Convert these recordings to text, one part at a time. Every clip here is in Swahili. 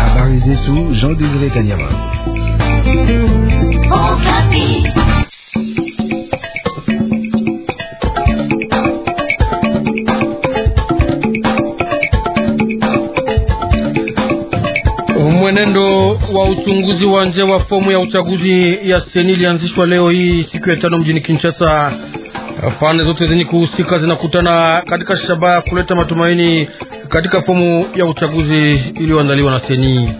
Habari zetu Jean Désiré Kanyama. Mwenendo wa uchunguzi wa nje wa fomu ya uchaguzi ya seni ilianzishwa leo hii siku ya tano mjini Kinshasa. Pande zote zenye kuhusika zinakutana katika shabaha ya kuleta matumaini katika fomu ya uchaguzi iliyoandaliwa na Seni.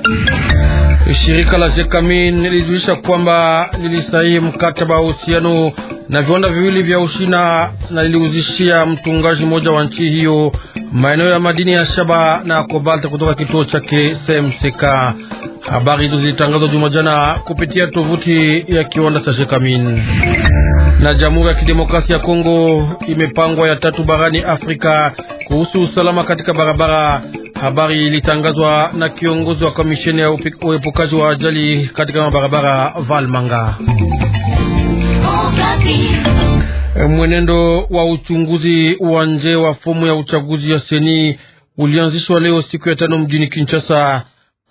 Shirika la Jekamin lilijulisha kwamba lilisaini mkataba wa uhusiano na viwanda viwili vya Ushina na liliuzishia mtungaji mmoja wa nchi hiyo maeneo ya madini ya shaba na kobalti kutoka kituo chake Semseka. Habari hizo zilitangazwa Jumajana kupitia tovuti ya kiwanda cha Shekamin. Na Jamhuri ya Kidemokrasia ya Kongo imepangwa ya tatu barani Afrika kuhusu usalama katika barabara. Habari ilitangazwa na kiongozi wa kamisheni ya uepukaji wa ajali katika mabarabara Valmanga. Mwenendo wa uchunguzi wa nje wa fomu ya uchaguzi ya seni ulianzishwa leo siku ya tano mjini Kinshasa.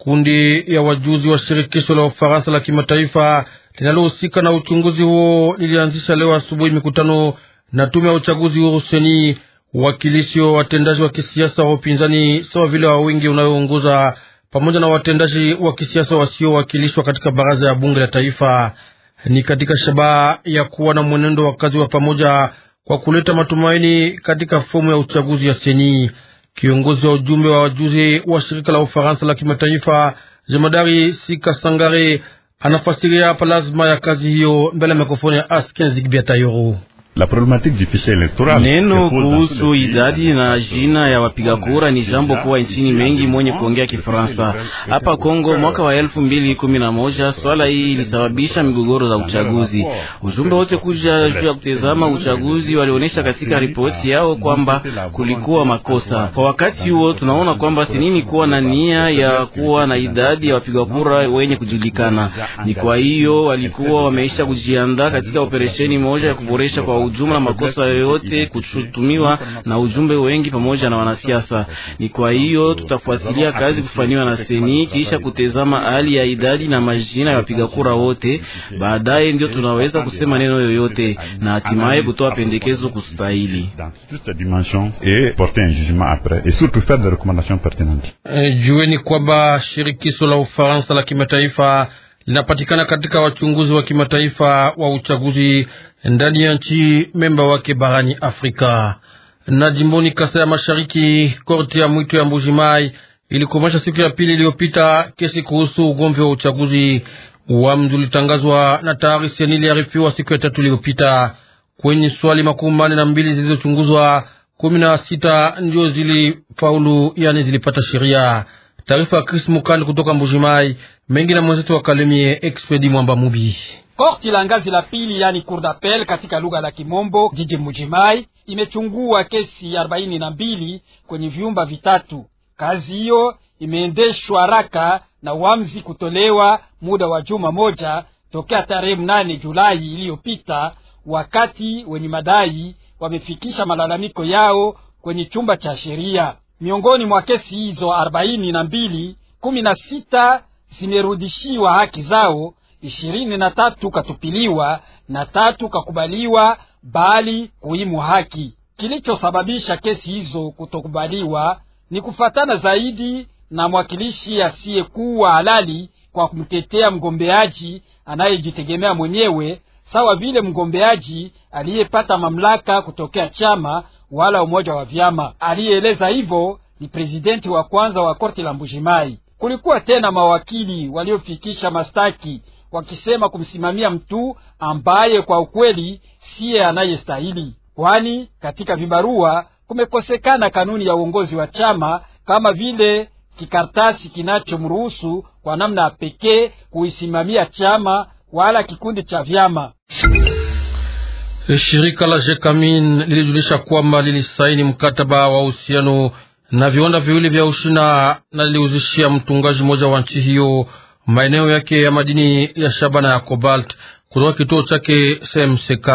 Kundi ya wajuzi wa shirikisho la Ufaransa la kimataifa linalohusika na uchunguzi huo lilianzisha leo asubuhi mikutano na tume ya uchaguzi huru seni, wakilishi wa watendaji wa kisiasa wa upinzani sawa vile wa wingi unayoongoza pamoja na watendaji wa kisiasa wasiowakilishwa katika baraza ya bunge la taifa. Ni katika shabaha ya kuwa na mwenendo wa kazi wa pamoja kwa kuleta matumaini katika fomu ya uchaguzi ya seni. Kiongozi wa ujumbe wa wajuzi wa shirika la Ufaransa la kimataifa jemadari Sika Sangare anafasiria hapa lazima ya kazi hiyo mbele ya mikrofoni ya Asken la problematique du fichier electoral. Neno kuhusu idadi na jina ya wapiga kura ni jambo kuwa nchini mengi mwenye kuongea Kifaransa. Hapa Kongo mwaka wa elfu mbili kumi na moja swala hii ilisababisha migogoro za uchaguzi. Ujumbe wote kuja juu ya kutezama uchaguzi walionyesha katika ripoti yao kwamba kulikuwa makosa. Kwa wakati huo, tunaona kwamba sinini kuwa na nia ya kuwa na idadi ya wapiga kura wenye kujulikana. Ni kwa hiyo walikuwa wameisha kujiandaa katika operesheni moja ya kuboresha kwa ujumla makosa yoyote kushutumiwa na ujumbe wengi pamoja na wanasiasa. Ni kwa hiyo tutafuatilia kazi kufanywa na seni kisha kutezama hali ya idadi na majina ya wapiga kura wote, baadaye ndio tunaweza kusema neno yoyote na hatimaye kutoa pendekezo kustahili. Eh, jueni kwamba shirikisho la Ufaransa la kimataifa linapatikana katika wachunguzi wa kimataifa wa uchaguzi ndani ya nchi memba wake barani Afrika. Na jimboni Kasa ya Mashariki, korti ya mwito ya Mbujimai ilikomesha siku ya pili iliyopita kesi kuhusu ugomvi wa uchaguzi. Uamuzi ulitangazwa na tayari seni iliarifiwa siku ya tatu iliyopita. Kwenye swali makumi manne na mbili zilizochunguzwa, kumi na sita ndio zilifaulu, yani zilipata sheria. Taarifa ya Chris Mukandi kutoka Mbujimai mengi na mwenzetu wa Kalemie Expedi Mwamba Mubi. Korti la ngazi la pili yani cour d'appel katika lugha la Kimombo jiji Mujimai imechungua kesi arobaini na mbili kwenye vyumba vitatu. Kazi hiyo imeendeshwa haraka na uamuzi kutolewa muda wa juma moja tokea tarehe mnane Julai iliyopita, wakati wenye madai wamefikisha malalamiko yao kwenye chumba cha sheria. Miongoni mwa kesi hizo arobaini na mbili, kumi na sita zimerudishiwa haki zao, ishirini na tatu katupiliwa na tatu kakubaliwa, bali kuimwa haki. Kilichosababisha kesi hizo kutokubaliwa ni kufatana zaidi na mwakilishi asiyekuwa halali kwa kumtetea mgombeaji anayejitegemea mwenyewe, sawa vile mgombeaji aliyepata mamlaka kutokea chama wala umoja wa vyama. Aliyeeleza hivyo ni prezidenti wa kwanza wa korti la Mbujimai. Kulikuwa tena mawakili waliofikisha mastaki wakisema kumsimamia mtu ambaye kwa ukweli siye anayestahili, kwani katika vibarua kumekosekana kanuni ya uongozi wa chama kama vile kikartasi kinachomruhusu kwa namna pekee kuisimamia chama wala kikundi cha vyama. Shirika la Jekamin lilijulisha kwamba lilisaini mkataba wa uhusiano na viwanda viwili vya Ushina na liliuzishia mtungaji mmoja wa nchi hiyo maeneo yake ya madini ya shaba na ya cobalt kutoka kituo chake SMCK.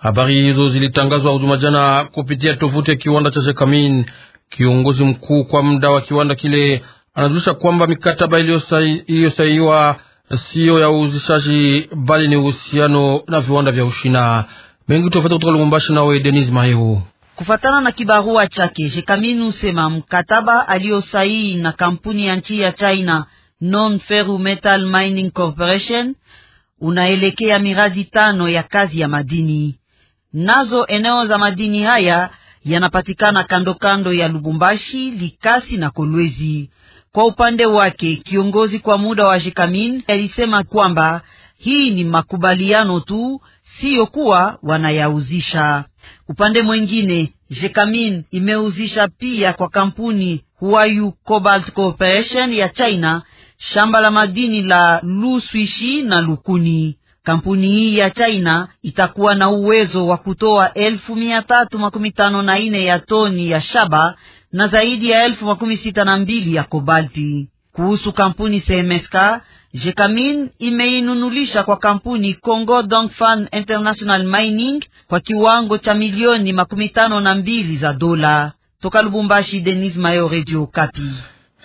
Habari hizo zilitangazwa huzuma jana kupitia tovuti ya kiwanda cha Shekamin. Kiongozi mkuu kwa muda wa kiwanda kile anajulisha kwamba mikataba iliyosainiwa siyo ya uuzishaji bali ni uhusiano na viwanda vya Ushina. Mengi tofauti kutoka Lubumbashi, nawe Denis Mahehu. Kufatana na kibarua chake Jekaminu Sema, mkataba aliyosaini na kampuni ya nchi ya China Non Ferro Metal Mining Corporation unaelekea miradi tano ya kazi ya madini, nazo eneo za madini haya yanapatikana kando kando ya Lubumbashi, Likasi na Kolwezi. Kwa upande wake, kiongozi kwa muda wa Jekamin alisema kwamba hii ni makubaliano tu, siyo kuwa wanayauzisha. Upande mwingine, Jekamin imeuzisha pia kwa kampuni Huayu Cobalt Corporation ya China shamba la madini la Luswishi na Lukuni. Kampuni hii ya China itakuwa na uwezo wa kutoa elfu mia tatu makumi tano na nne ya toni ya shaba na zaidi ya elfu makumi sita na mbili ya kobalti. Kuhusu kampuni CMSK, Jekamin imeinunulisha kwa kampuni Congo Dongfan International Mining kwa kiwango cha milioni makumi tano na mbili za dola. Toka Lubumbashi, Denis Mayo, Radio Kapi.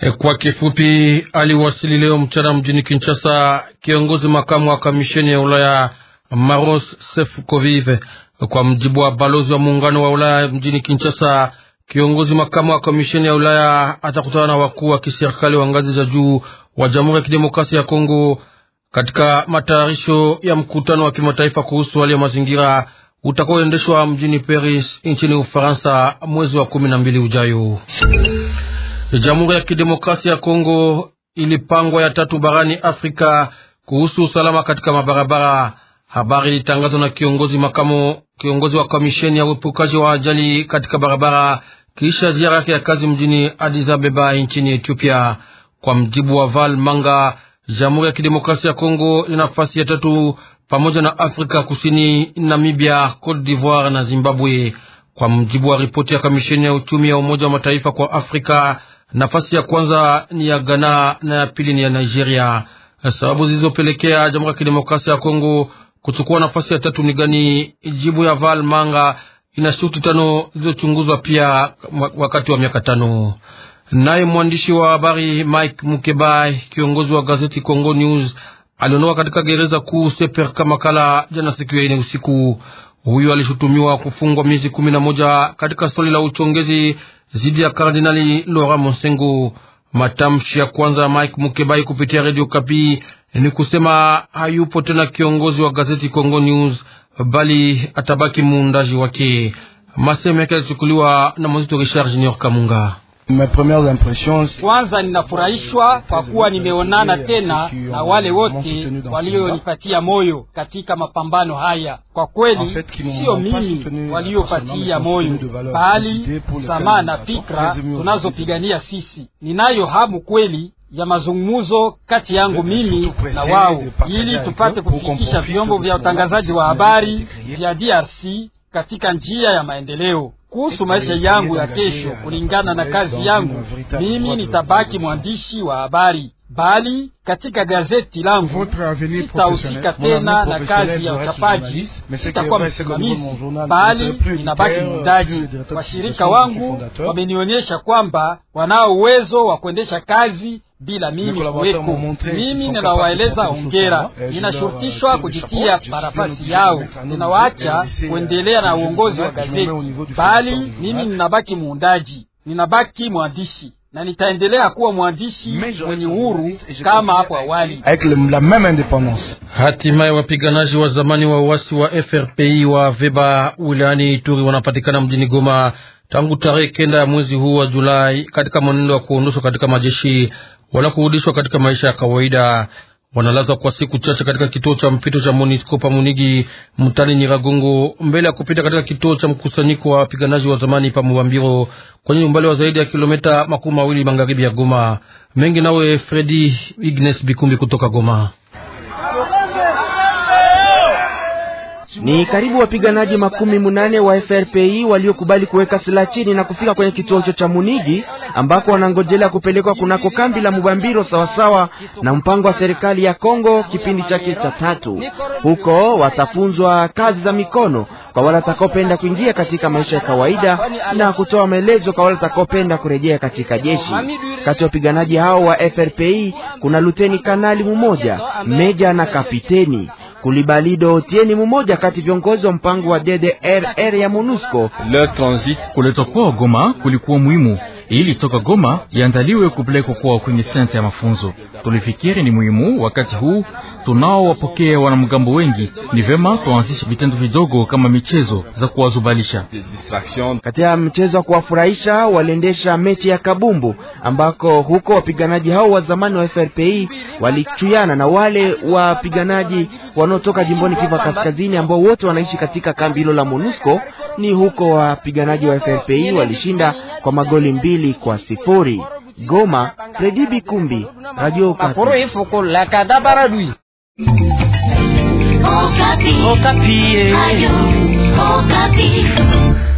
E, kwa kifupi, aliwasili leo mchana mjini Kinshasa kiongozi makamu wa kamisheni ya Ulaya Maros sefkovive Kwa mjibu wa balozi wa muungano wa Ulaya mjini Kinshasa Kiongozi makamu wa komisheni ya Ulaya atakutana na wakuu wa kiserikali wa ngazi za juu wa Jamhuri ya Kidemokrasia ya Kongo katika matayarisho ya mkutano wa kimataifa kuhusu hali ya mazingira utakaoendeshwa mjini Paris nchini Ufaransa mwezi wa kumi na mbili ujayo. Jamhuri ya Kidemokrasia ya Kongo ilipangwa ya tatu barani Afrika kuhusu usalama katika mabarabara. Habari ilitangazwa na kiongozi makamu, kiongozi wa komisheni ya uepukaji wa ajali katika barabara kisha ziara yake ya kazi mjini Addis Ababa nchini Ethiopia. Kwa mjibu wa Val Manga, Jamhuri ya Kidemokrasia ya Kongo ina nafasi ya tatu pamoja na Afrika Kusini, Namibia, Cote d'Ivoire na Zimbabwe. Kwa mjibu wa ripoti ya kamisheni ya uchumi ya Umoja wa Mataifa kwa Afrika, nafasi ya kwanza ni ya Ghana na ya pili ni ya Nigeria. Sababu zilizopelekea Jamhuri ya Kidemokrasia ya Kongo kuchukua nafasi ya tatu ni gani? Jibu ya Val Manga ina shuti tano zilizochunguzwa pia wakati wa miaka tano. Naye mwandishi wa habari Mike Mukebai, kiongozi wa gazeti Congo News, aliondoka katika gereza kuu Seperka Makala jana siku ya ine usiku. Huyo alishutumiwa kufungwa miezi kumi na moja katika swali la uchongezi zidi ya Kardinali Laurent Monsengo. Matamshi ya kwanza ya Mike Mukebai kupitia Radio Kapi ni kusema hayupo tena kiongozi wa gazeti Congo News bali atabaki muundaji wake. Masemo yake yalichukuliwa na mwanzito Richard Junior Kamunga. Kwanza ninafurahishwa kwa kuwa nimeonana tena na wale wote walionipatia moyo katika mapambano haya. Kwa kweli, sio mimi waliopatia moyo, bali samaa na fikra tunazopigania sisi. Ninayo hamu kweli ya mazungumzo kati yangu mimi na wao ili tupate kufikisha vyombo vya utangazaji wa habari vya DRC katika njia ya maendeleo. Kuhusu maisha yangu ya kesho, kulingana na kazi yangu, mimi nitabaki mwandishi wa habari, bali katika gazeti langu sitahusika tena na kazi ya uchapaji. Sitakuwa msimamizi, bali ninabaki muundaji. Washirika wangu wamenionyesha kwamba wanao uwezo wa kuendesha kazi bila mimi weko mimi ninawaeleza ongera ninashurutishwa kujitia parafasi yao, ninawaacha kuendelea euh, na uongozi wa gazeti, bali mimi ninabaki muundaji, ninabaki mwandishi na nitaendelea kuwa mwandishi mwenye uhuru kama hapo awali. Hatimaye wapiganaji wa zamani wa uasi wa FRPI wa Veba wilayani Ituri wanapatikana mjini Goma tangu tarehe kenda ya mwezi huu wa Julai katika mwenendo wa kuondoshwa katika majeshi wala kurudishwa katika maisha ya kawaida. Wanalazwa kwa siku chache katika kituo cha mpito cha Monisco pa Munigi mtani Nyiragongo, mbele ya kupita katika kituo cha mkusanyiko wa wapiganaji wa zamani pa Muwambiro kwenye umbali wa zaidi ya kilomita makumi mawili magharibi ya Goma. Mengi nawe Fredi Ignes Bikumbi kutoka Goma. Ni karibu wapiganaji makumi munane wa FRPI waliokubali kuweka silaha chini na kufika kwenye kituo hicho cha Munigi ambako wanangojelea kupelekwa kunako kambi la Mubambiro sawasawa na mpango wa serikali ya Kongo kipindi chake cha tatu. Huko watafunzwa kazi za mikono kwa wale watakaopenda kuingia katika maisha ya kawaida na kutoa maelezo kwa wale watakaopenda kurejea katika jeshi. Kati ya wapiganaji hao wa FRPI kuna luteni kanali mmoja, meja na kapiteni kulibalido tieni mumoja kati viongozi wa mpango wa DDRR ya MONUSCO le transit kuletwa kwa Goma kulikuwa muhimu ili toka Goma iandaliwe kupelekwa kwa kwenye senta ya mafunzo. Tulifikiri ni muhimu wakati huu tunao tunaowapokea wanamgambo wengi, ni vema tuanzishe vitendo vidogo kama michezo za kuwazubalisha. Kati ya mchezo wa kuwafurahisha waliendesha mechi ya kabumbu, ambako huko wapiganaji hao wa zamani wa FRPI walichuyana na wale wapiganaji wanaotoka jimboni Kivu Kaskazini, ambao wote wanaishi katika kambi hilo la MONUSCO. Ni huko wapiganaji wa frpi walishinda kwa magoli mbili kwa sifuri. Goma, Fredi Bikumbi, Radio Okapi. Okapi. Okapi. Eh.